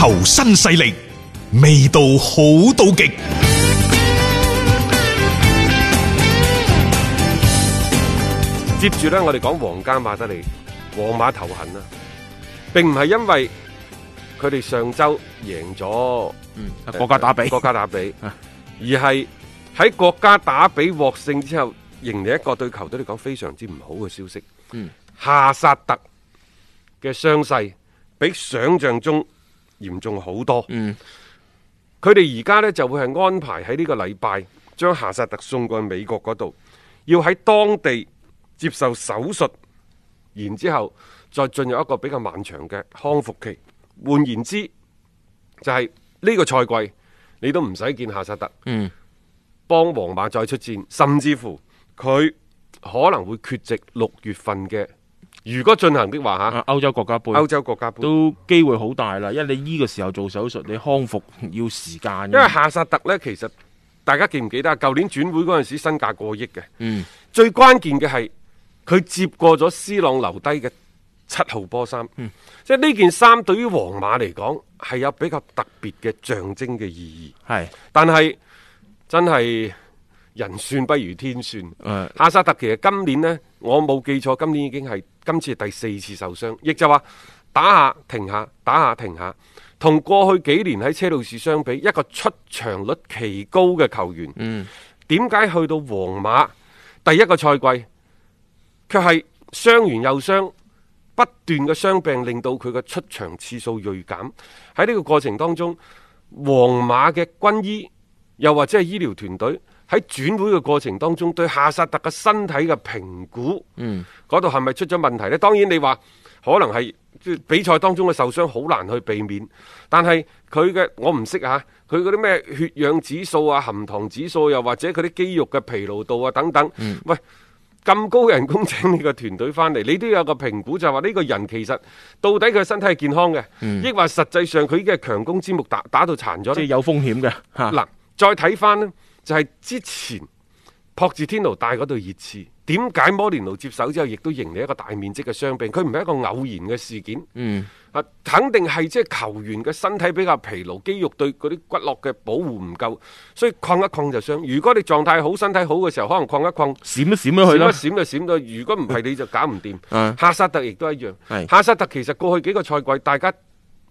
足球新勢力，味道好到極。接住咧，我哋講皇家馬德里，皇馬頭痕啦，並唔係因為佢哋上周贏咗，嗯，國家打比，呃、國家打比，啊、而係喺國家打比獲勝之後，迎嚟一個對球隊嚟講非常之唔好嘅消息。嗯，夏薩特嘅傷勢比想象中。嚴重好多。佢哋而家咧就會係安排喺呢個禮拜，將夏薩特送過去美國嗰度，要喺當地接受手術，然之後再進入一個比較漫長嘅康復期。換言之，就係呢個賽季，你都唔使見夏薩特。嗯，幫皇馬再出戰，甚至乎佢可能會缺席六月份嘅。如果進行的話吓，歐洲國家杯，歐洲國家杯都機會好大啦。因為你呢個時候做手術，你康復要時間。因為夏薩特呢，其實大家記唔記得啊？舊年轉會嗰陣時，身價過億嘅。嗯。最關鍵嘅係，佢接過咗斯朗留低嘅七號波衫。嗯。即係呢件衫對於皇馬嚟講，係有比較特別嘅象徵嘅意義。係。但係真係。人算不如天算，嗯。阿薩特其實今年呢，我冇記錯，今年已經係今次是第四次受傷，亦就話打下停下，打下停下。同過去幾年喺車路士相比，一個出場率奇高嘅球員，嗯、點解去到皇馬第一個賽季，卻係傷完又傷，不斷嘅傷病令到佢嘅出場次數銳減。喺呢個過程當中，皇馬嘅軍醫又或者係醫療團隊，喺轉會嘅過程當中，對夏薩特嘅身體嘅評估，嗰度係咪出咗問題呢？當然你話可能係比賽當中嘅受傷好難去避免，但係佢嘅我唔識嚇，佢嗰啲咩血氧指數啊、含糖指數又或者佢啲肌肉嘅疲勞度啊等等，嗯、喂，咁高人工請你個團隊翻嚟，你都有個評估，就係話呢個人其實到底佢身體係健康嘅，亦、嗯、或實際上佢已經係強弩之末打打到殘咗，即係有風險嘅嗱，再睇翻咧。就係、是、之前普捷天奴帶嗰度熱刺，點解摩連奴接手之後亦都迎嚟一個大面積嘅傷病？佢唔係一個偶然嘅事件，嗯啊，肯定係即係球員嘅身體比較疲勞，肌肉對嗰啲骨骼嘅保護唔夠，所以擴一擴就傷。如果你狀態好、身體好嘅時候，可能擴一擴閃一閃咗去啦，閃就閃到。 如果唔係你就搞唔掂。啊、哈薩特亦都一樣，哈薩特其實過去幾個賽季，大家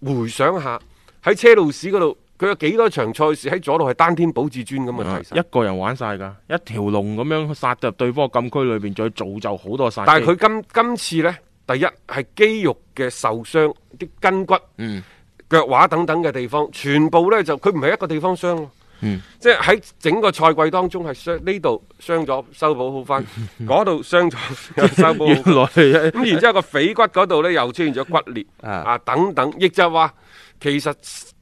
回想一下喺車路士嗰度。佢有幾多場賽事喺左路係單天保至尊咁啊！其實，一個人玩曬噶，一條龍咁樣殺入對方禁區裏邊，再造就好多殺。但係佢今今次咧，第一係肌肉嘅受傷，啲筋骨、腳踝等等嘅地方，全部咧就佢唔係一個地方傷，即係喺整個賽季當中係呢度傷咗，修補好翻；嗰度傷咗又修補好返。咁然之後個腓骨嗰度咧又出現咗骨裂啊等等，亦就係話其實。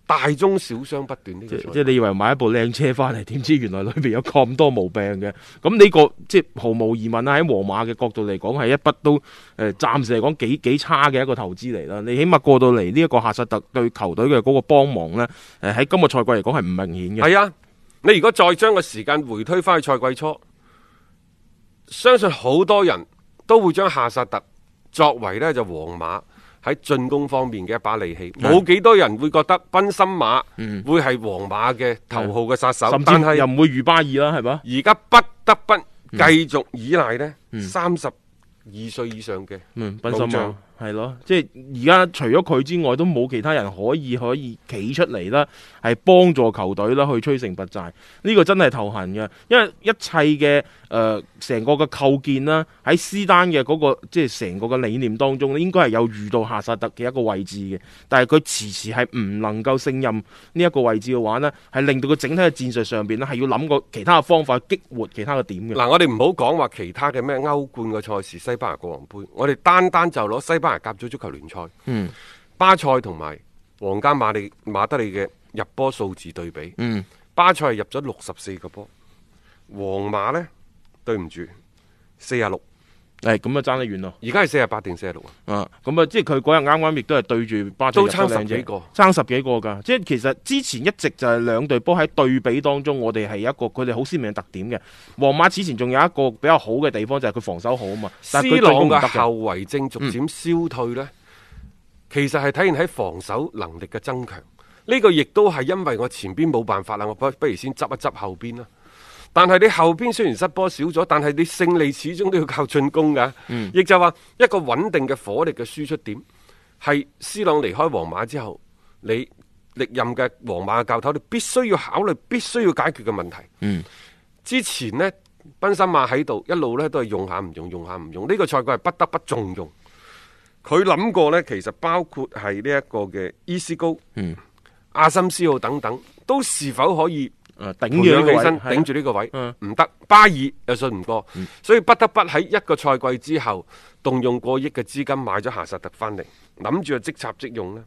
大中小傷不斷，即係、這個、即係，即你以為買一部靚車翻嚟，點知原來裏邊有咁多毛病嘅？咁呢個即係毫無疑問啦。喺皇馬嘅角度嚟講，係一筆都誒，暫、呃、時嚟講幾幾差嘅一個投資嚟啦。你起碼過到嚟呢一個夏薩特對球隊嘅嗰個幫忙呢，誒、呃、喺今個賽季嚟講係唔明顯嘅。係啊，你如果再將個時間回推翻去賽季初，相信好多人都會將夏薩特作為呢就皇馬。喺進攻方面嘅一把利器，冇幾多人會覺得賓森馬會係皇馬嘅頭號嘅殺手，嗯嗯、甚至又唔會如巴爾啦，係嘛？而家不得不繼續依賴呢三十二歲以上嘅老將。嗯賓森馬係咯，即係而家除咗佢之外，都冇其他人可以可以企出嚟啦，係幫助球隊啦，去摧城拔寨。呢、這個真係頭痕嘅，因為一切嘅，誒成個嘅構建啦，喺斯丹嘅嗰、那個即係成個嘅理念當中咧，應該係有遇到夏薩特嘅一個位置嘅。但係佢遲遲係唔能夠勝任呢一個位置嘅話呢，係令到佢整體嘅戰術上邊咧，係要諗過其他嘅方法去激活其他嘅點嘅。嗱，我哋唔好講話其他嘅咩歐冠嘅賽事、西班牙國王杯，我哋單單就攞西班牙夾咗足球聯賽，嗯，巴塞同埋皇家馬里馬德里嘅入波數字對比，嗯，巴塞入咗六十四個波，皇馬咧，對唔住四啊六。係、哎、咁啊，爭得遠咯！而家係四十八定四十六啊？啊，咁啊，即係佢嗰日啱啱亦都係對住巴塞都差十幾個，差十幾個噶。即係其實之前一直就係兩隊波喺對比當中，我哋係一個佢哋好鮮明嘅特點嘅。皇馬此前仲有一個比較好嘅地方就係、是、佢防守好啊嘛。思路啊，後遺症逐漸消退呢。嗯、其實係體現喺防守能力嘅增強。呢、這個亦都係因為我前邊冇辦法啦，我不不如先執一執後邊啦。但係你後邊雖然失波少咗，但係你勝利始終都要靠進攻噶，亦、嗯、就話一個穩定嘅火力嘅輸出點，係 C 朗離開皇馬之後，你歷任嘅皇馬教頭，你必須要考慮、必須要解決嘅問題、嗯。之前呢，賓森馬喺度，一路呢都係用下唔用，用下唔用。呢、這個賽季係不得不重用。佢諗過呢，其實包括係呢一個嘅伊斯高、嗯、阿森斯奧等等，都是否可以？誒，頂住呢個位，頂住呢個位，唔得。巴爾又信唔過，嗯、所以不得不喺一個賽季之後動用過億嘅資金買咗夏薩特翻嚟，諗住就即插即用呢，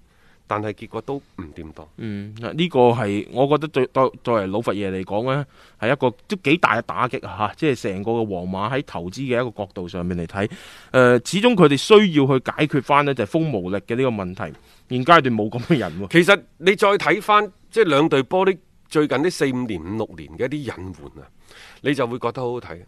但係結果都唔掂當。嗯，呢、這個係我覺得對作為老佛爺嚟講呢係一個都幾大嘅打擊吓、啊，即係成個嘅皇馬喺投資嘅一個角度上面嚟睇。誒、呃，始終佢哋需要去解決翻呢就係鋒無力嘅呢個問題。現階段冇咁嘅人喎。其實你再睇翻即係兩隊波。最近呢四五年、五六年嘅一啲隱患啊，你就會覺得好好睇，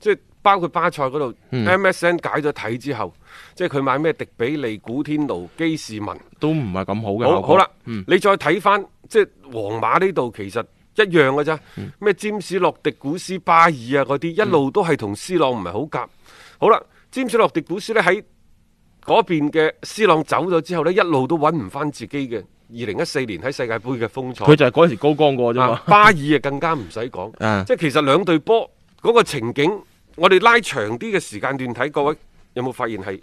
即係包括巴塞嗰度、嗯、MSN 解咗體之後，即係佢買咩迪比利、古天奴、基士文都唔係咁好嘅。好啦、嗯，你再睇翻即係皇馬呢度其實一樣嘅啫，咩、嗯、詹士洛迪古斯巴爾啊嗰啲一路都係同斯朗唔係好夾。好啦，詹士洛迪古斯呢喺嗰邊嘅斯朗走咗之後呢，一路都揾唔翻自己嘅。二零一四年喺世界杯嘅風采，佢就係嗰時高光過啫嘛。巴爾啊，更加唔使講， 即係其實兩隊波嗰個情景，我哋拉長啲嘅時間段睇，看各位有冇發現係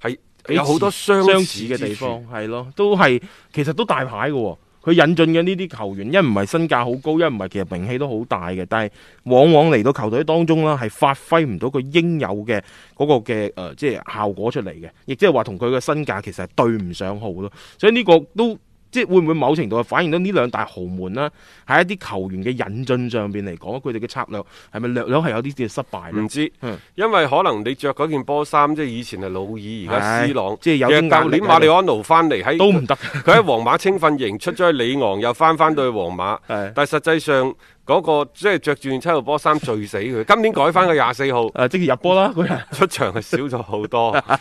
係有好多相似嘅地方？係咯，都係其實都大牌嘅。佢引進嘅呢啲球員，一唔係身價好高，一唔係其實名氣都好大嘅。但係往往嚟到球隊當中啦，係發揮唔到佢應有嘅嗰、嗰個嘅誒、呃、即係效果出嚟嘅。亦即係話同佢嘅身價其實係對唔上號咯。所以呢個都。即係會唔會某程度係反映到呢兩大豪門、啊、啦，喺一啲球員嘅引進上邊嚟講，佢哋嘅策略係咪略略係有啲嘅失敗？唔知，因為可能你着嗰件波衫，即係以前係魯爾，而家 C 朗，是啊、即係有啲壓力、啊。年馬里安奴翻嚟喺都唔得，佢喺皇馬青訓營 出咗去，里昂，又翻翻到去皇馬，啊、但係實際上。嗰、那個即係着住件七號波衫，醉死佢。今年改翻個廿四號，誒、 啊，即係入波啦。佢 出場係少咗好多，誒、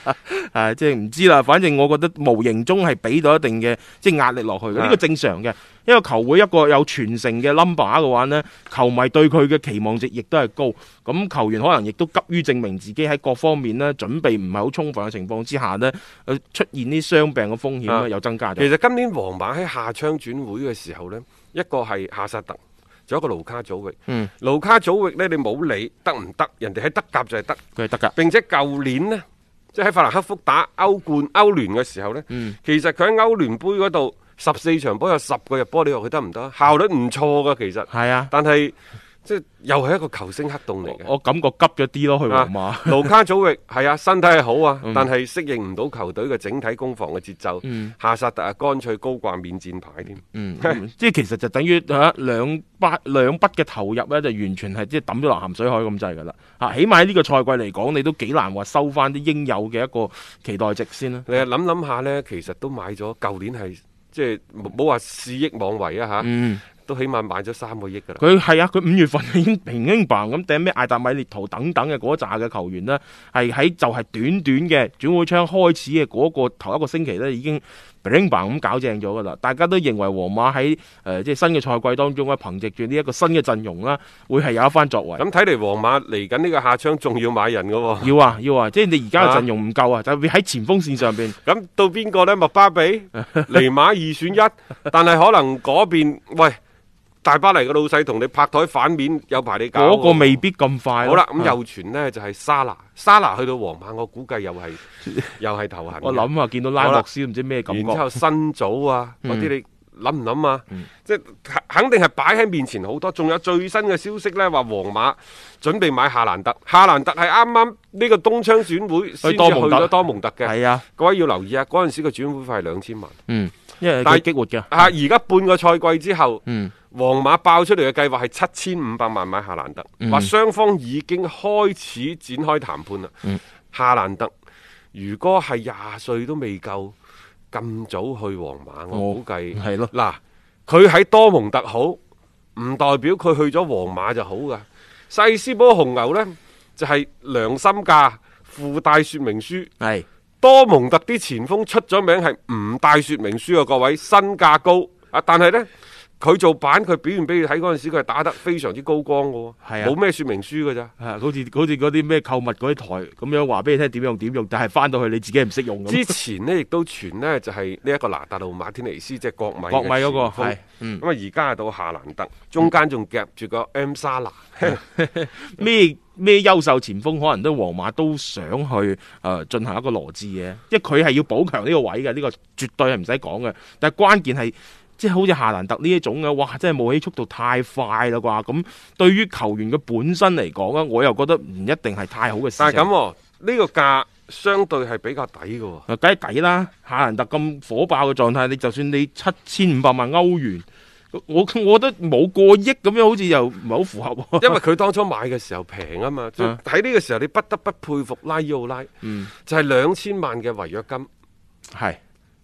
啊，即係唔知啦。反正我覺得無形中係俾到一定嘅即係壓力落去。呢、啊、個正常嘅，因為球會一個有傳承嘅 number 嘅話呢，球迷對佢嘅期望值亦都係高。咁球員可能亦都急於證明自己，喺各方面呢，準備唔係好充分嘅情況之下呢，誒出現啲傷病嘅風險有、啊、增加。其實今年皇馬喺夏窗轉會嘅時候呢，一個係夏薩特。仲有個盧卡祖域，盧卡祖域呢，你冇理得唔得？人哋喺德甲就係得，佢係得㗎。並且舊年呢，即係喺法蘭克福打歐冠、歐聯嘅時候呢，其實佢喺歐聯杯嗰度十四場波有十個入波，你話佢得唔得？效率唔錯㗎，其實。係啊，但係。即係又係一個球星黑洞嚟嘅，我感覺急咗啲咯。去皇馬，盧、啊、卡祖域係 啊，身體係好啊，嗯、但係適應唔到球隊嘅整體攻防嘅節奏。夏、嗯、薩特啊，乾脆高掛免戰牌添、嗯 嗯嗯。即係其實就等於吓兩筆兩筆嘅投入咧、啊，就完全係即係抌咗落鹹水海咁滯噶啦。吓、啊，起碼喺呢個賽季嚟講，你都幾難話收翻啲應有嘅一個期待值先啦、啊嗯。你諗諗下咧，其實都買咗舊年係即係冇話肆意妄為啊吓。啊嗯都起碼買咗三個億噶啦，佢係啊，佢五月份已經平 i n 咁掟咩艾達米列圖等等嘅嗰扎嘅球員呢，係喺就係短短嘅轉會窗開始嘅嗰個頭一個星期呢，已經 b l i 咁搞正咗噶啦，大家都認為皇馬喺誒即係新嘅賽季當中咧，憑借住呢一個新嘅陣容啦，會係有一番作為。咁睇嚟皇馬嚟緊呢個下窗仲要買人噶、哦嗯，要啊要啊，即係你而家嘅陣容唔夠啊，就、啊、喺前鋒線上邊。咁到邊個呢？麥巴比、 尼馬二選一，但係可能嗰邊喂。大巴黎嘅老細同你拍台反面有排你搞、啊，嗰、那個未必咁快、啊。好啦，咁、嗯、又傳呢就係、是、沙拿，沙拿去到皇馬，我估計又係 又係頭痕。我諗啊，見到拉莫斯唔知咩感覺。然之後新組啊，嗰啲你諗唔諗啊？嗯、即肯定係擺喺面前好多，仲有最新嘅消息呢，話皇馬準備買夏蘭特。夏蘭特係啱啱呢個冬窗轉會去咗多蒙特嘅。係啊，各位要留意啊，嗰陣時個轉會費係兩千萬。嗯。因激活嘅，啊而家半個賽季之後，皇、嗯、馬爆出嚟嘅計劃係七千五百萬買夏蘭特，話、嗯、雙方已經開始展開談判啦。夏蘭特如果係廿歲都未夠，咁早去皇馬，我估計係咯。嗱、哦，佢喺、啊、多蒙特好，唔代表佢去咗皇馬就好噶。細思波紅牛呢，就係、是、良心價附帶說明書。多蒙特啲前鋒出咗名係唔帶說明書啊，各位身價高啊，但係呢。佢做版，佢表現俾你睇嗰陣時，佢係打得非常之高光嘅，係冇咩說明書嘅咋，係好似好似嗰啲咩購物嗰啲台咁樣話俾你聽點用點用，但係翻到去你自己唔識用。之前呢亦都傳呢，就係呢一個拿達路馬天尼斯，即係國米國米嗰、嗰個係，咁啊而家係到夏蘭特，中間仲夾住個 M 沙拿， 咩咩優秀前鋒，可能都皇馬都想去誒進、呃、行一個羅致嘅，因為佢係要補強呢個位嘅，呢、呢個絕對係唔使講嘅，但係關鍵係。即係好似夏蘭特呢一種嘅，哇！真係冒起速度太快啦啩。咁對於球員嘅本身嚟講啊，我又覺得唔一定係太好嘅事。但係咁喎，呢個價相對係比較抵嘅。啊，梗係抵啦！夏蘭特咁火爆嘅狀態，你就算你七千五百萬歐元，我我覺得冇過億咁樣，好似又唔係好符合，啊。因為佢當初買嘅時候平啊嘛，喺、嗯、呢個時候你不得不佩服拉伊奧拉。嗯、就係兩千萬嘅違約金，係。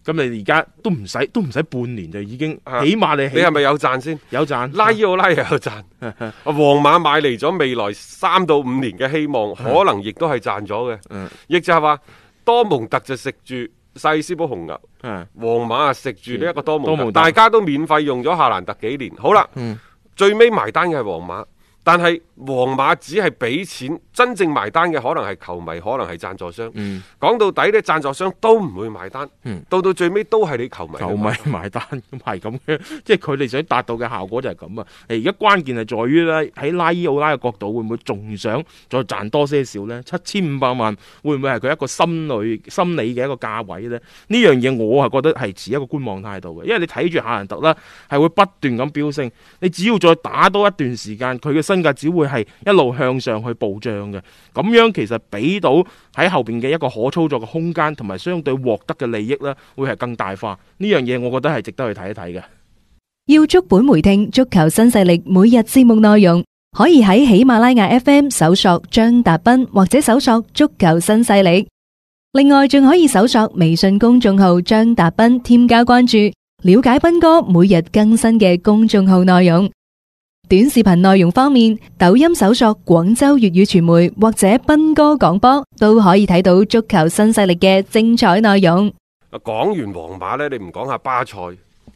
咁你而家都唔使，都唔使半年就已經，起碼你起你係咪有賺先？有賺，拉伊奧拉又有賺。啊，皇馬買嚟咗未來三到五年嘅希望， 可能亦都係賺咗嘅。嗯， 亦就係話多蒙特就食住細斯堡紅牛，皇 馬啊食住呢一個多蒙特， 大家都免費用咗夏蘭特幾年。好啦，嗯， 最尾埋單嘅係皇馬。但係皇馬只係俾錢，真正埋單嘅可能係球迷，可能係贊助商。講、嗯、到底咧，贊助商都唔會埋單，到、嗯、到最尾都係你球迷球迷埋單。咁係咁嘅，即係佢哋想達到嘅效果就係咁啊！而家關鍵係在於咧，喺拉伊奧拉嘅角度，會唔會仲想再賺多些少呢？七千五百萬會唔會係佢一個心理心理嘅一個價位呢？呢樣嘢我係覺得係持一個觀望態度嘅，因為你睇住夏蘭特啦，係會不斷咁飆升。你只要再打多一段時間，佢嘅。真分價只會係一路向上去暴漲嘅，咁樣其實俾到喺後邊嘅一個可操作嘅空間，同埋相對獲得嘅利益咧，會係更大化。呢樣嘢我覺得係值得去睇一睇嘅。要足本回聽足球新勢力每日節目內容，可以喺喜馬拉雅 FM 搜索張達斌，或者搜索足球新勢力。另外，仲可以搜索微信公眾號張達斌，添加關注，了解斌哥每日更新嘅公眾號內容。短視頻內容方面，抖音搜索廣州粵語傳媒或者斌哥廣播都可以睇到足球新勢力嘅精彩內容。啊，講完皇馬呢，你唔講下巴塞，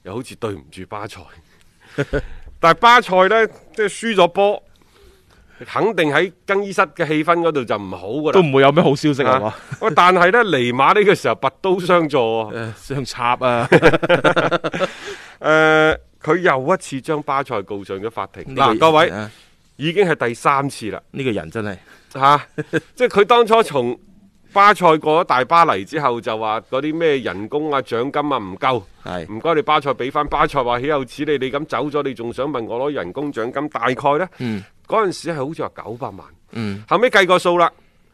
又好似對唔住巴塞。但係巴塞呢，即係輸咗波，肯定喺更衣室嘅氣氛嗰度就唔好噶啦。都唔會有咩好消息係嘛？喂，但係呢，尼馬呢個時候拔刀相助啊，相插啊，誒。佢又一次將巴塞告上咗法庭。嗱、啊，各位已經係第三次啦。呢、這個人真係嚇、 啊，即係佢當初從巴塞過咗大巴黎之後，就話嗰啲咩人工啊、獎金啊唔夠。唔該，你巴塞俾翻巴塞話，豈有此理？你咁走咗，你仲想問我攞人工獎金？大概呢？嗰、嗯、陣時係好似話九百萬。嗯，後尾計個數啦，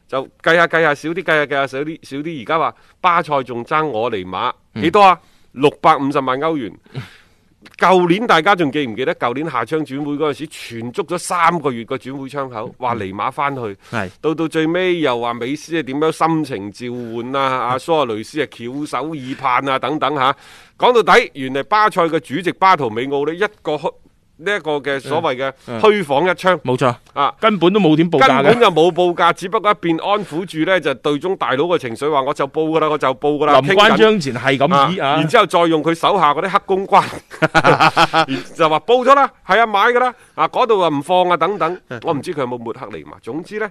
就計下計下少啲，計下計下少啲少啲。而家話巴塞仲爭我尼馬幾多啊？六百五十萬歐元。嗯舊年大家仲記唔記得？舊年夏窗轉會嗰陣時，全足咗三個月個轉會窗口，話尼馬翻去，到到最尾又話美斯啊點樣心情召喚啦，阿蘇亞雷斯啊翹首以盼啊等等吓。講到底，原來巴塞嘅主席巴圖美奧呢一個。呢一個嘅所謂嘅虛晃一槍，冇錯啊，根本都冇點報價，根本就冇報價，只不過一邊安撫住咧，就對中大佬嘅情緒，話我就報噶啦，我就報噶啦，臨關將前係咁啊，然之後再用佢手下嗰啲黑公關，就話報咗啦，係啊買噶啦，啊嗰度啊唔放啊等等，我唔知佢有冇抹黑嚟嘛，總之咧。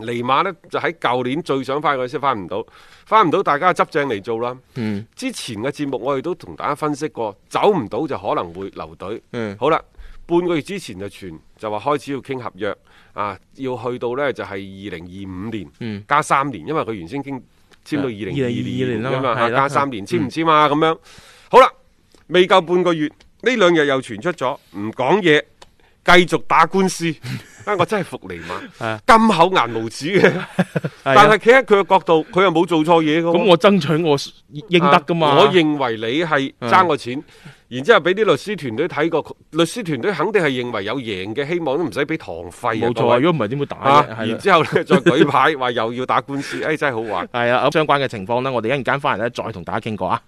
尼瑪呢就喺舊年最想翻佢先翻唔到，翻唔到大家執正嚟做啦、嗯。之前嘅節目我哋都同大家分析過，走唔到就可能會留隊。嗯、好啦，半個月之前就傳就話開始要傾合約，啊，要去到呢就係二零二五年、嗯、加三年，因為佢原先傾簽到二零二二年咁樣，加三年簽唔簽啊咁樣。好啦，未夠半個月，呢兩日又傳出咗唔講嘢。繼續打官司，啊！ 我真係服你嘛，金口顏無恥嘅、啊。但係企喺佢嘅角度，佢又冇做錯嘢。咁、啊、我爭取我應得噶嘛、啊？我認為你係爭我錢，啊、然之後俾啲律師團隊睇過，律師團隊肯定係認為有贏嘅希望，都唔使俾堂費。冇錯啊！如果唔係點會打、啊啊啊？然之後咧再舉牌，話 又要打官司，哎真係好玩。係啊，咁相關嘅情況呢，我哋一陣間翻嚟咧再同大家傾過啊。